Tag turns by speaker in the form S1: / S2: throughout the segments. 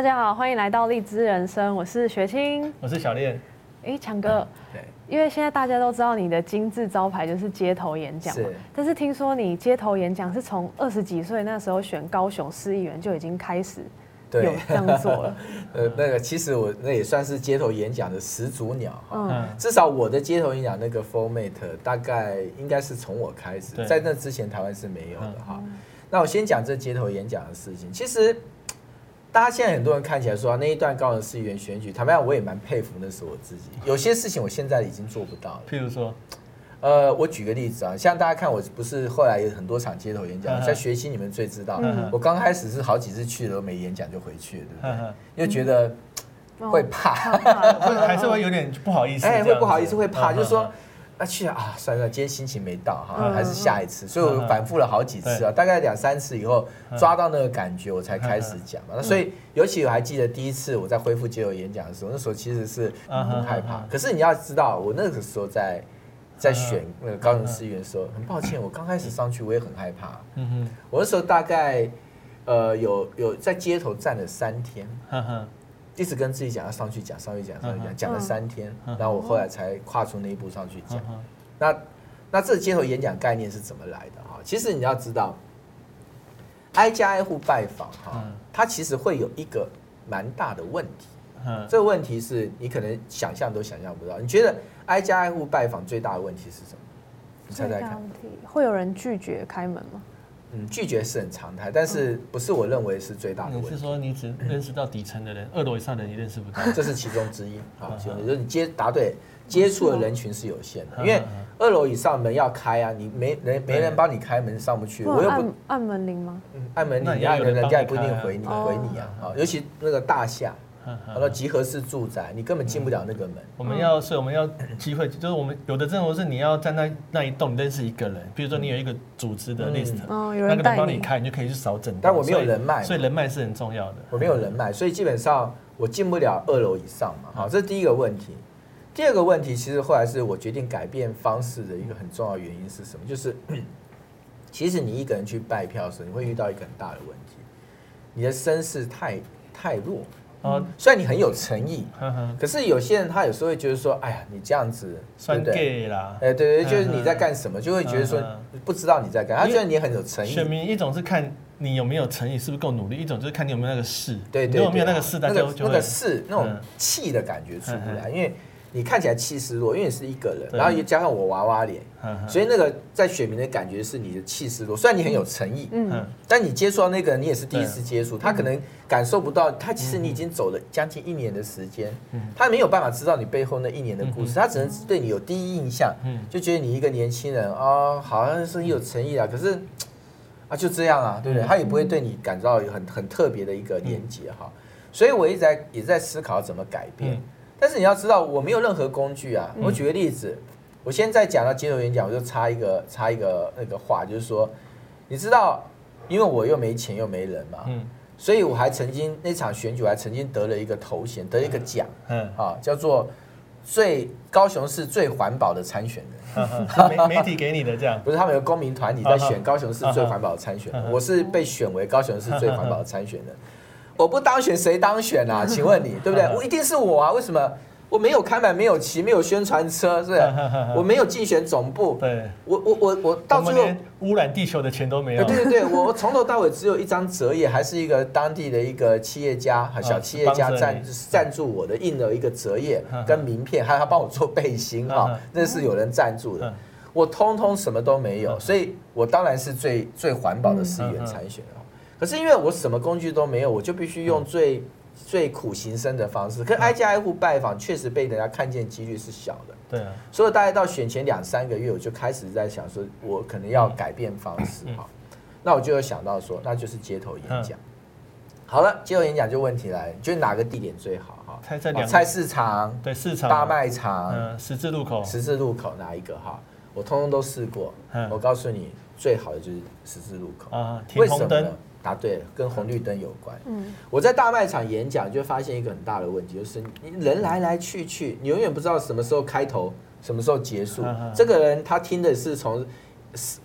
S1: 大家好，歡迎來到荔枝人生，我是雪清，我是小練。哎，強哥、嗯，對，因為現在大家都知道你的金字招牌就是街頭演講嘛。是，但是聽說你街頭演講是從二十幾歲那時候選高雄市議員就已經開始有
S2: 這樣做了。呃， 那個其實我那也算是街頭演講的始祖鳥哈。嗯。至少我的街頭演講那個 format 大概應該是從我開始，在那之前台灣是沒有的哈、嗯。那我先講這街頭演講的事情，其實。大家現在很多人看起來說、啊、那一段高雄市議員選舉，坦白講我也蠻佩服那是我自己。有些事情我現在已經做不到了，譬如說，呃，我舉個例子啊，像大家看，我不是後來有很多場街頭演講，在學期你們最知道的、嗯，我剛開始是好幾次去了都沒演講就回去了，對不對？、嗯、又覺得、嗯、會怕， 還是會有點不好意思，哎，會不好意思，會怕，嗯、就是說。那去啊去啊，算了，今天心情沒到哈、啊，還是下一次。所以我反覆了好幾次啊，大概兩三次以後抓到那個感覺，我才開始講嘛。所以尤其我還記得第一次我在恢復街頭演講的時候，那時候其實是很害怕。可是你要知道，我那個時候在在選那個高雄市議員的時候，很抱歉，我剛開始上去我也很害怕。嗯
S1: 哼，
S2: 我那時候大概呃有有在街頭站了三天。嗯哼。一直跟自己講要上去講，上去講，上去講，講了三天，嗯，然後我後來才跨出那一步上去講。嗯，那那這街頭演講概念是怎麼來的啊？其實你要知道，挨家挨戶拜訪哈，它其實會有一個蠻大的問題。這個問題是你可能想象都想象不到。你覺得挨家挨戶拜訪最大的問題是什麼？你猜猜看，
S1: 會有人拒絕開門嗎？
S2: 嗯，拒絕是很常態，但是不是我認為是最大的問題？你是
S1: 說你只認識到底層的人，嗯、二樓以上的人你認識不到？這是其
S2: 中之一 啊。就你接答對接觸的人群是有限的，因為二樓以上門要開啊，你沒人沒人幫你開門上不去。我又不
S1: 按門鈴嗎？嗯，
S2: 按門鈴、啊，那你人，你、啊、人家也不一定回你、啊、回你啊。好，尤其那個大廈。好了，集合式住宅你根本進不了那個門、嗯。我們要，
S1: 所以我們要機會，就是我們有的這種是你要站在那一棟，你認識一個人，比如說你有一個組織的 list，哦，有人幫你開，你就可以去掃整。但我沒有人脈，所以人脈是很重要的、嗯。我沒有人
S2: 脈，所以基本上我進不了二樓以上嘛。好，這是第一個問題。第二個問題，其實後來是我決定改變方式的一個很重要原因是什麼？就是其實你一個人去拜票的時候，你會遇到一個很大的問題，你的聲勢太太弱。嗯、雖然你很有誠意，
S1: 可是有些人
S2: 他有時候會覺得說，哎呀，你這樣子，對不對？算假啦。
S1: 欸、對對，就是你在幹什麼呵呵，就會覺得說，
S2: 不知道你在幹。他覺得你很
S1: 有誠意。選民一種是看你有沒有誠意，是不是夠努力；一種就是看你有沒有那個勢。對對，對、啊，你有沒有那個勢，大家就會那個勢、那個、那種
S2: 氣的感覺出不來，因為，你看起來氣勢弱，因為你是一個人，然後又加上我娃娃臉，所以那個在選民的感覺是你的氣勢弱，雖然你很有誠意，但你接觸到那個，你也是第一次接觸，他可能感受不到。他其實你已經走了將近一年的時間，他沒有辦法知道你背後那一年的故事，他只能對你有第一印象，就覺得你一個年輕人、哦、啊，好像是你有誠意啊，可是啊就這樣啊，對不對？他也不會對你感到很很特別的一個連接哈。所以我一直在也在思考怎麼改變。但是你要知道，我沒有任何工具啊、嗯。我舉個例子，我現在講到金融演講，我就插一個插一個那個話，就是說，你知道，因為我又沒錢又沒人嘛，所以我還曾經那場選舉我還曾經得了一個頭銜，得一個獎，啊，叫做最高雄市最環保的參選人，媒媒體給你的這樣，不是，他們有公民團體在選高雄市最環保的參選人，我是被選為高雄市最環保的參選的。我不當選誰當選啊？請問你對不對？我一定是我啊！為什麼我沒有開板？沒有騎？沒有宣傳車？是不是？我沒有競選總部。對。我我我我到最後連
S1: 污染地球的錢都沒有。對對對，
S2: 我從頭到尾只有一張折頁，還是一個當地的一個企業家，小企業家贊贊助我的，印了一個折頁跟名片，還有他幫我做背心哈，那是有人贊助的。我通通什麼都沒有，所以我當然是最最環保的議員參選哦。可是因為我什麼工具都沒有，我就必須用最、嗯、最苦行僧的方式。可是挨家挨戶拜訪，確實被人家看見幾率是小的。對啊。所以大概到選前兩三個月，我就開始在想說，我可能要改變方式哈、嗯嗯。那我就有想到說，那就是街頭演講、嗯。好了，街頭演講就問題來了，就哪個地點最好哈？菜、哦、市場？對，市場。大賣場、嗯？十字路口。十字路口哪一個哈？我通通都試過、嗯。我告訴你、嗯，最好的就是十字路口。啊，天空燈，為什麼呢？答對了，跟紅綠燈有關。嗯，我在大賣場演講就發現一個很大的問題，就是你人來來去去，你永遠不知道什麼時候開頭，什麼時候結束。這個人他聽的是從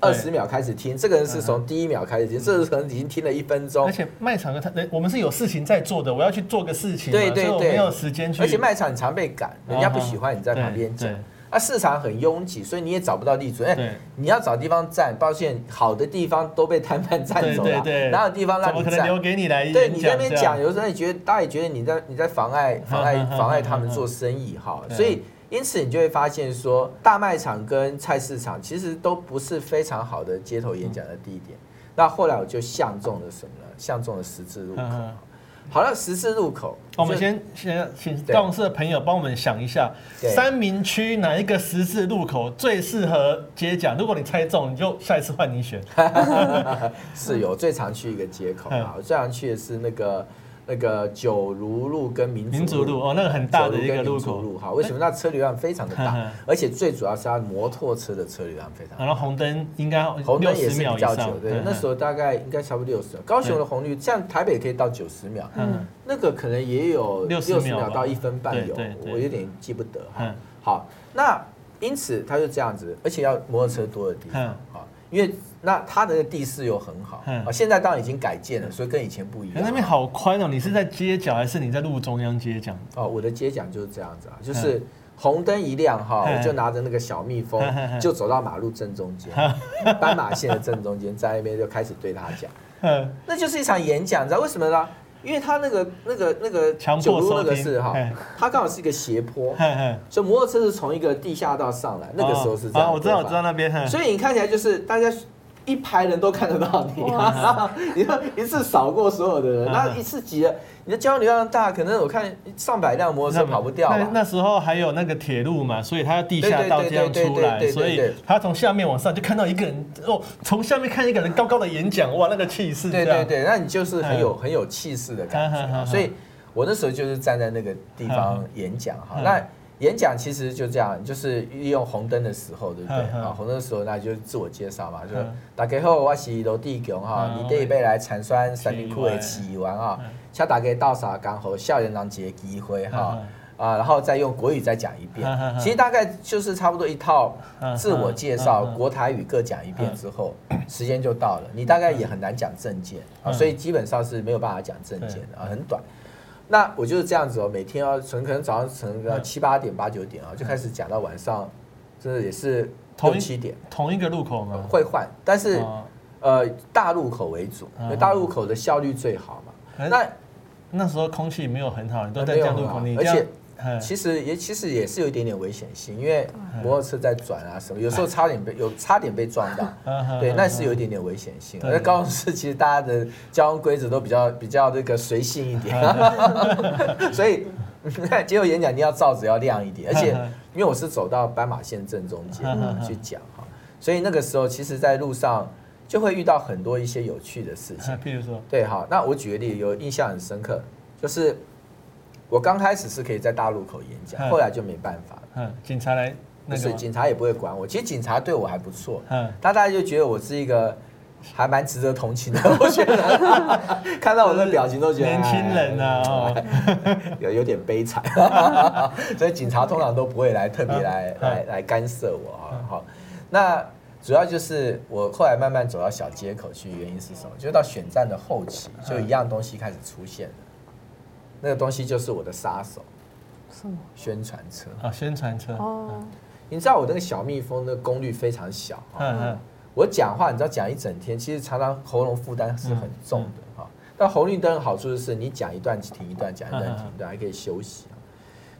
S2: 二十秒開始聽，這個人是從第一秒開始聽，這個可能已經聽了一分鐘。而且
S1: 賣場的他，我們是有事情在做的，我要去做個事情，對對對，沒有時間去。而且賣場常被趕，人家不喜歡你在旁邊講。
S2: 那、啊、市場很擁擠，所以你也找不到立足。哎，你要找地方站，抱歉，好的地方都被攤販佔走了，啊，哪有地方讓你站？可能留給你的，對你那邊講，有時候你覺得，大家也覺得你在你在妨礙妨礙妨礙他們做生意哈。所以，因此你就會發現說，大賣場跟菜市場其實都不是非常好的街頭演講的地點。那後來我就相中了什麼呢？相中了十字路口。好了，十字
S1: 路口，我們先先請高雄市的朋友幫我們想一下，三民區哪一個十字路口最適合接獎？如果你猜中，你就下一次換你選。
S2: 是有最常去一個街口，我最常去的是那個。那個九如路跟民族路,民族路，哦，那個很大的一個路口，哈，為什麼、欸？那車流量非常的大，呵呵而且最主要是它摩托車的車流量非常
S1: 的大。然後紅燈應該紅燈也是比較久對，對，那時候
S2: 大概應該差不多六十。高雄的紅綠像台北可以到九十秒嗯，嗯，那個可能也有六十秒到一分半有，我有點記不得哈。好，那因此它就這樣子，而且要摩托車多的地方，哈。好因為那它的地勢又很好啊，現在當然已經改建了，所以跟以前不一樣。那
S1: 邊好寬哦，你是在街角還是你在路中央？街角
S2: 哦，我的街角就是這樣子啊，就是紅燈一亮哈，我就拿着那個小蜜蜂，就走到馬路正中間，斑馬線的正中間，在那邊就開始對他講，那就是一場演講，你知道為什麼呢？因為他那個、那個、
S1: 那個九路那個是哈，
S2: 它剛好是一個斜坡嘿嘿，所以摩托車是從一個地下道上來，那個時候是這樣的。哦哦，我知道我知道那邊，所以你看起來就是大家。一排人都看得到你，你看一次掃過所有的人，那一次擠了，你的交流量大，可能我看上百輛摩托車跑不掉。
S1: 那時候還有那個鐵路嘛，所以他要地下道這樣出來，所以他從下面往上就看到一個人哦，從下面看一個人高高的演講，哇，那個氣勢，對對對，對，那你就是很有很有氣勢的感覺。所以，
S2: 我那時候就是站在那個地方演講哈，那。演講其實就這樣，就是利用紅燈的時候，對不對？啊，紅燈的時候那就是自我介紹嘛，就是、啊、大家好，我是羅弟兄哈，你這一杯來產酸三明治吃完啊，像、啊啊、大家到啥剛好校園長節聚會哈啊、啊、啊，然後再用國語再講一遍，啊啊，其實大概就是差不多一套自我介紹，啊啊、國台語各講一遍之後，啊，時間就到了，你大概也很難講政見，啊啊，所以基本上是沒有辦法講政見的啊，很短。那我就是這樣子哦、喔，每天要、啊、從可能早上從個七八點八九點啊就開始講到晚上，這也是六七點
S1: 同一個路口嘛，
S2: 會換，但是呃大路口為主，因為大路口的效率最好嘛。
S1: 那那時候空氣沒有很好，都在這路口，而且。
S2: 其實也其實也是有一點點危險性，因為摩托車在轉啊什麼，有時候差點被有差點被撞到，對，那是有一點點危險性。而且高雄市其實大家的交通規則都比較比較那個隨性一點，所以結果演講你要罩子要亮一點，而且因為我是走到斑馬線正中間去講哈，所以那個時候其實，在路上就會遇到很多一些有趣的事情，比如說，對，好，那我舉個例，有印象很深刻，就是。我剛開始是可以在大路口演講，後來就沒辦法。
S1: 嗯，警察來，那是警
S2: 察也不會管我。其實警察對我還不錯。嗯，大家就覺得我是一個還蠻值得同情的。我覺得看到我的表情都覺得年輕人啊，有有點悲慘。所以警察通常都不會來特別來來來干涉我啊。好，那主要就是我後來慢慢走到小街口去，原因是什麼？就是到選戰的後期，就一樣東西開始出現那個東西就是我的殺手，宣傳車
S1: 啊，宣傳車
S2: 哦。你知道我那個小蜜蜂的功率非常小，嗯嗯。我講話，你知道講一整天，其實常常喉嚨負擔是很重的。但紅綠燈的好處就是，你講一段停一段，講一段停一段，還可以休息。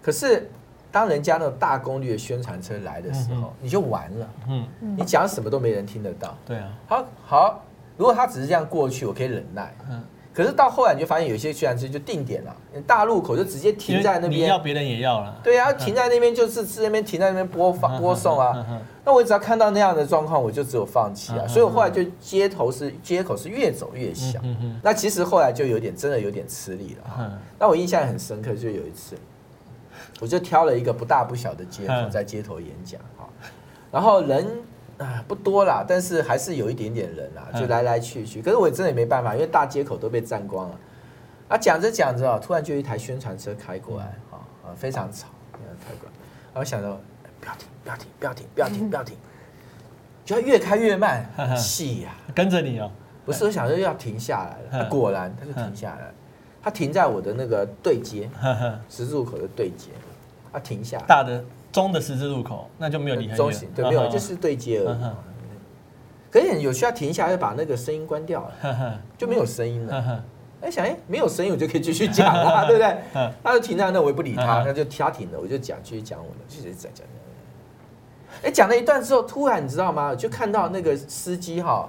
S2: 可是當人家那大功率的宣傳車來的時候，你就完了。嗯。你講什麼都沒人聽得到。對啊。好，好。如果他只是這樣過去，我可以忍耐。嗯。可是到後來你就發現，有些居然是就定點了，大路口就直接停在那
S1: 邊。你要別人也要了。對呀、啊，
S2: 停在那邊就是是那邊停在那邊播放播送啊。那我只要看到那樣的狀況，我就只有放棄啊。所以，我後來就街頭是街口是越走越小。那其實後來就有點真的有點吃力了、啊。那我印象很深刻，就有一次，我就挑了一個不大不小的街口在街頭演講哈，然後人。啊，不多啦，但是還是有一點點人啦，就來來去去。可是我真的也沒辦法，因為大街口都被佔光了。啊，講着講着啊，突然就一台宣傳車開過來，啊啊，非常吵，常開過來。然後我想說，不要停，不要停，不要停，不要停，不要停，就要越開越慢，戲 呀、啊，跟着你哦。不是，我想說要停下來了。 啊、果然，他就停下來了。他停在我的那個對接十字路口的對接，他、啊、停下來，
S1: 大的。中的十字路口，那就沒有離開。中心對，沒有就是
S2: 對接而已。可是有需要停下來，就把那個聲音關掉
S1: 了，
S2: 就沒有聲音了。哎，想哎，沒有聲音我就可以繼續講了，對不對？他就停在那，我也不理他，他就他停了，我就講，繼續講，我們繼續講講講。哎，講了一段之後，突然你知道嗎？就看到那個司機哈，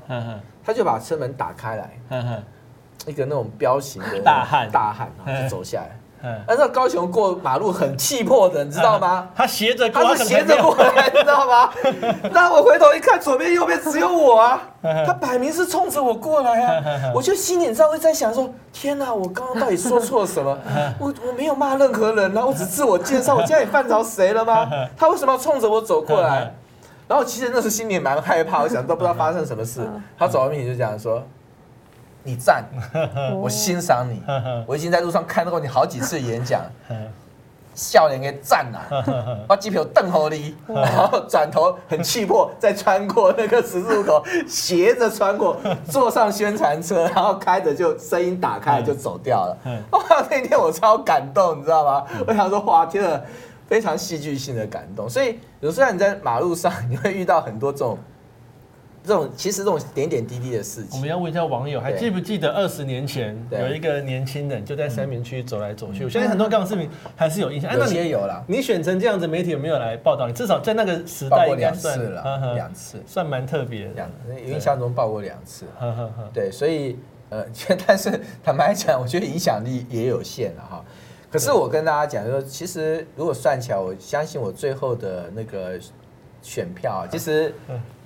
S2: 他就把車門打開來，一個那種彪形的大漢，大漢就走下來。那高雄過馬路很氣魄的，你知道嗎？
S1: 他斜着，他是斜着過
S2: 來，你知道嗎？那我回頭一看，左邊右邊只有我啊！他擺明是衝着我過來啊！我就心裡稍微在想說：天哪，我剛剛到底說錯了什麼？我我沒有罵任何人，然後啊，我只自我介紹，我今天也犯着誰了嗎？他為什麼要衝着我走過來？然後其實那時候心裡蠻害怕，我想都不知道發生什麼事。他走到面前就講說，你讚，我欣賞你。我已經在路上看到過你好幾次演講，笑臉、啊、給讚
S1: 了，
S2: 把機票瞪後了，然後轉頭很氣魄，再穿過那個十字路口，斜着穿過，坐上宣傳車，然後開着就聲音打開就走掉了。哇， 那天我超感動，你知道嗎？我想說，哇，真的，啊、非常戲劇性的感動。所以，有時候然你在馬路上，你會遇到很多這種。這種其實這種點點滴滴的事
S1: 情，我們要問一下網友，還記不記得二十年前有一個年輕人就在三民區走來走去？我相信很多這種視頻還是有印象。哎、啊，那你也有了。你選成這樣子，媒體有沒有來報道你？至少在那個時代應該算兩次，次，算蠻特別的。次
S2: 印象中報過兩次。對，對，呵呵呵，所以呃，但是坦白講，我覺得影響力也有限了哈。可是我跟大家講說，其實如果算起來，我相信我最後的那個。選票其實，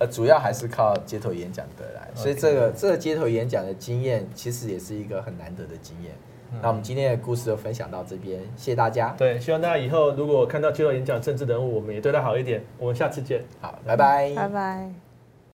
S2: 主要還是靠街頭演講得來，所以這個這個街頭演講的經驗，其實也是一個很難得的經驗。那我們今天的故事就分
S1: 享到這邊，謝謝大家。對，希望大家以後如果看到街頭演講政治人物，我們也對他好一點。我們下次見，好，拜拜，拜拜。